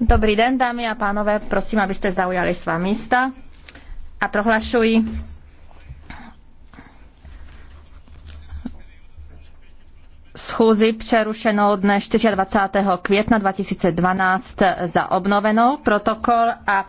Dobrý den, dámy a pánové, prosím, abyste zaujali svá místa a prohlašuji schůzi přerušenou dne 24. května 2012 za obnovenou protokol a